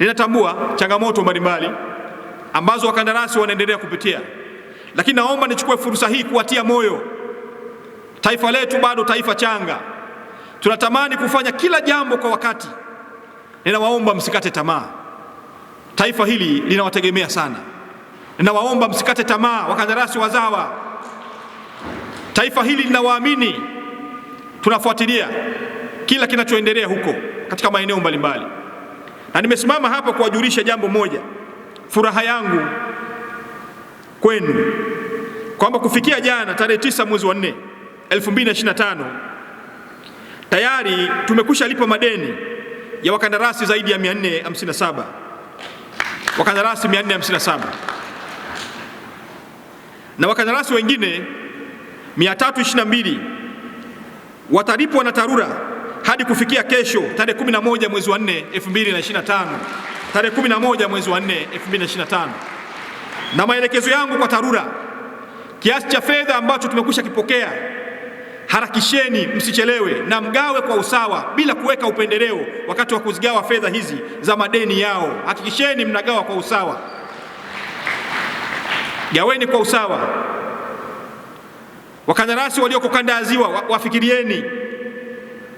linatambua changamoto mbalimbali ambazo wakandarasi wanaendelea kupitia, lakini naomba nichukue fursa hii kuwatia moyo. Taifa letu bado taifa changa, tunatamani kufanya kila jambo kwa wakati. Ninawaomba msikate tamaa, taifa hili linawategemea sana. Ninawaomba msikate tamaa, wakandarasi wazawa, taifa hili linawaamini. Tunafuatilia kila kinachoendelea huko katika maeneo mbalimbali. Na nimesimama hapa kuwajulisha jambo moja, furaha yangu kwenu kwamba kufikia jana tarehe tisa mwezi wa nne 2025 tayari tumekusha lipa madeni ya wakandarasi zaidi ya 457 wakandarasi 457 na wakandarasi wengine 322 watalipwa na TARURA hadi kufikia kesho tarehe 11 mwezi wa 4 2025, tarehe 11 mwezi wa 4 2025, na maelekezo yangu kwa TARURA, kiasi cha fedha ambacho tumekwisha kipokea harakisheni, msichelewe na mgawe kwa usawa bila kuweka upendeleo wakati wa kuzigawa fedha hizi za madeni yao. Hakikisheni mnagawa kwa usawa, gaweni kwa usawa. Wakandarasi walioko kanda ya Ziwa wafikirieni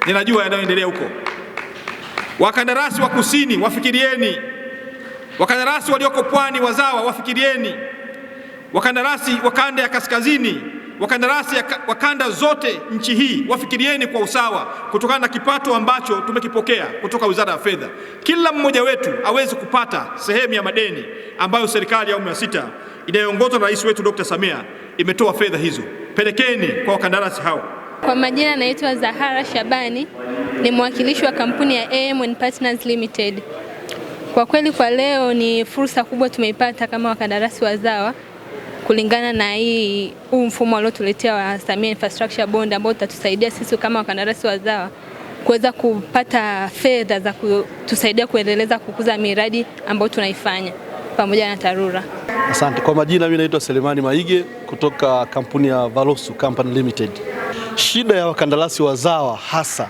ninajua yanayoendelea huko. Wakandarasi wa kusini wafikirieni, wakandarasi walioko pwani wazawa wafikirieni, wakandarasi wa kanda ya kaskazini, wakandarasi wa kanda zote nchi hii wafikirieni kwa usawa, kutokana na kipato ambacho tumekipokea kutoka Wizara ya Fedha. Kila mmoja wetu aweze kupata sehemu ya madeni ambayo serikali ya awamu ya sita inayoongozwa na rais wetu Dr. Samia imetoa fedha hizo, pelekeni kwa wakandarasi hao. Kwa majina naitwa Zahara Shabani, ni mwakilishi wa kampuni ya AM and Partners Limited. Kwa kweli kwa leo ni fursa kubwa tumeipata kama wakandarasi wazawa kulingana na hii huu mfumo aliotuletea wa Samia Infrastructure Bond ambao utatusaidia sisi kama wakandarasi wazawa kuweza kupata fedha za kutusaidia kuendeleza kukuza miradi ambayo tunaifanya pamoja na TARURA. Asante. Kwa majina mimi naitwa Selemani Maige kutoka kampuni ya Valosu Company Limited shida ya wakandarasi wazawa hasa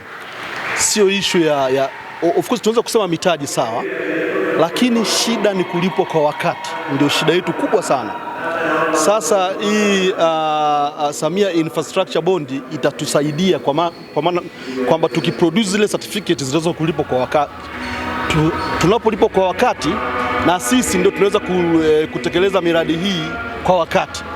sio ishu ya, ya of course tunaweza kusema mitaji sawa, lakini shida ni kulipwa kwa wakati, ndio shida yetu kubwa sana. Sasa hii uh, Samia Infrastructure Bond itatusaidia kwa maana kwamba tukiproduce zile certificate zinaweza kulipwa kwa wakati tu, tunapolipwa kwa wakati na sisi ndio tunaweza eh, kutekeleza miradi hii kwa wakati.